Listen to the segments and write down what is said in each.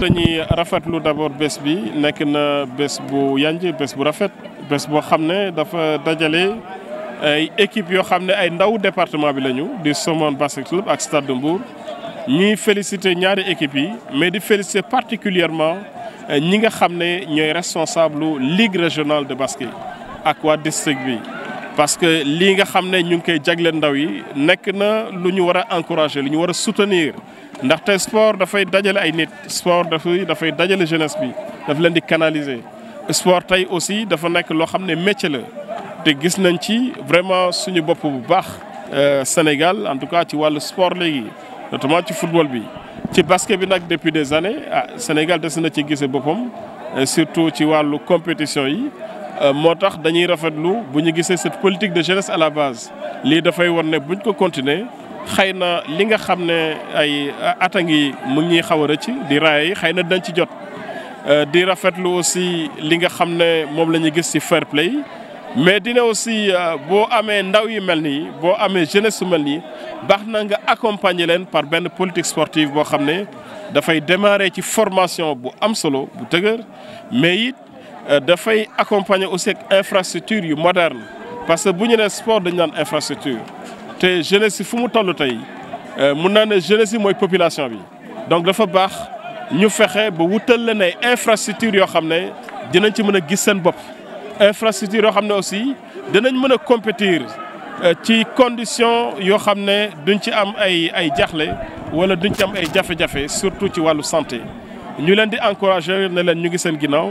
dañuy rafetlu d'abord bés bi nekk na bés bu yanj bés bu rafet bés boo xam dafa dajale ay équipe yo xam ne ay ndaw département bi lañu di Somone Basket Club ak Stade de Mbour ñuy féliciter ñaari équipes yi mais di féliciter particulièrement eh, ñi nga xam ne ñooy responsable ligue régionale de basket ak waa district bi parce que li nga xamné ñu ngi koy jagleel ndaw yi nek na lu ñu encourager lu ñu war a soutenir ndaxte sport fay dajalé ay nit sport da fay dajalé jeunesse bi da leen di canaliser. sport tay aussi da fa nek lo xamné métier la té gis nañ ci vraiment suñu bop bu baax. Euh, Sénégal en tout cas ci walu sport légui notamment ci football bi ci basket bi nak depuis des années ah Sénégal des na ci gise bopom euh, surtout ci walu compétition yi. Euh, motax dañuy rafetlu buñu ñu gisee cette politique de jeunesse à la base lii dafay war ne buñ ko continuer xëy na li nga xam ne ay at a ngi mu ngi ñuy xaw a rëcc di raaya yi xëy na dañ ci jot. Euh, di rafetlu aussi li nga xam ne moom la ñu gis ci fair play mais dina aussi euh, boo amee ndaw yu mel nii boo amee jeunesse su mel nii baax na nga accompagner leen par benn politique sportive boo xam ne dafay démarrer ci formation bu am solo bu dëgër mais it euh, dafay accompagner aussi infrastructure moderne parce que buñu ñu sport dañ naan infrastructure té jeunesse yi fu mu toll tey euh, mun naa ne jeunesse moy population bi donc dafa bax ñu fexé ba wutal leen ay infrastructure yo xamné dinañ ci mëna a gis seen bopp infrastructure yo xamné aussi dinañ mën a compétir euh, ci condition yo xamné duñ ci am ay ay jaxlé wala duñ ci am ay jafé jafé surtout ci walu santé ñu leen di encourager ne leen ñu ngi seen ginnaaw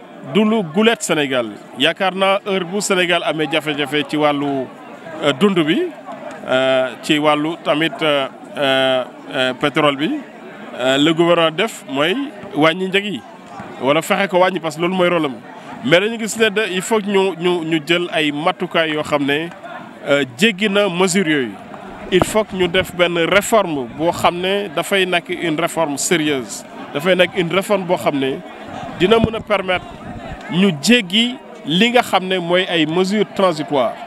du gulet guleet Sénégal yaakaar naa heure bu Sénégal amé jafé jafé ci walu euh, dundu bi euh, ci walu tamit euh, pétrole bi le gouvernement def moy wañi njëg wala fexe ko wañi parce que loolu mooy rôle mais dañu gis né de il faut ñu ñu ñu jël ay matukaay yo xamné ne mesure na il faut ñu def ben réforme bo xamné da fay nak une réforme sérieuse da fay nak une réforme bo xamné dina mën permettre ñu jéggi li nga xamné moy ay mesures transitoires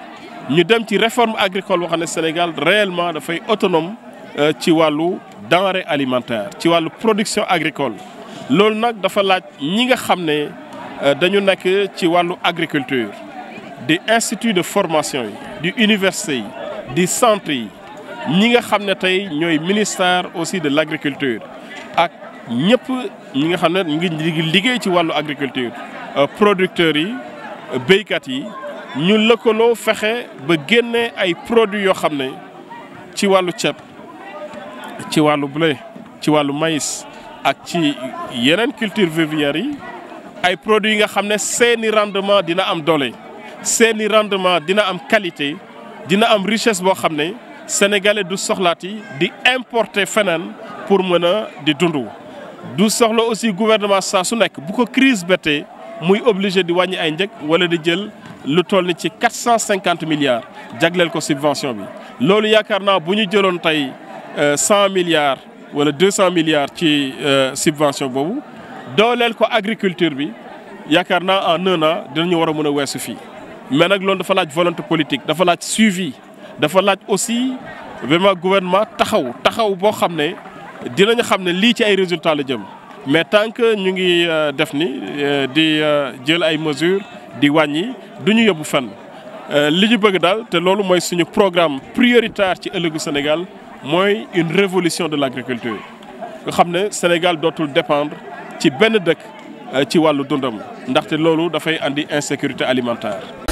ñu dem ci réforme agricole boo xam Sénégal réellement fay autonome euh, ci walu denrées alimentaires, ci walu production agricole lool nak dafa laaj ñi nga xamné ne euh, dañu nekk ci walu agriculture des instituts de formation du universités, université centres, di centre ñi nga ministère aussi de l'agriculture ak ñëpp ñi nga xam ne ngi liggéey agriculture euh, producteurs yi euh, béykat yi ñu lëkkaloo fexe ba ay produits yoo xam ci blé ci maïs ak ci yeneen culture vivière yi ay produits yi nga xam rendement dina am des seeni rendement dina am qualité dina am richesse boo sénégalais du soxlaati di importer pour mën de di du soxla aussi gouvernement saa su nekk bu ko crise bête, muy obligé di wàññi ay njëg wala di jël lu toll ni ci milliards jagleel ko subvention bi. loolu yaakaar carna bu de jëloon 100 euh, milliards wala le 200 milliards ci euh, subvention vous, dooleel ko agriculture bi yaakaar carna en un an dinañu war a mën mais nag loolu dafa laaj volonté politique dafa laaj suivi dafa laaj aussi vraiment gouvernement taxaw taxaw boo xam nous savons ne les ci résultats jëm mais tant que nous euh, avons def ni euh, di euh, jël ay mesures nous avons du que nous avons li que bëgg daal te un programme prioritaire ci Sénégal mooy une révolution de l'agriculture savons que ne Sénégal doit dépendre ci benn dëkk ci wàllu dundam ndaxte loolu dafay andi insécurité alimentaire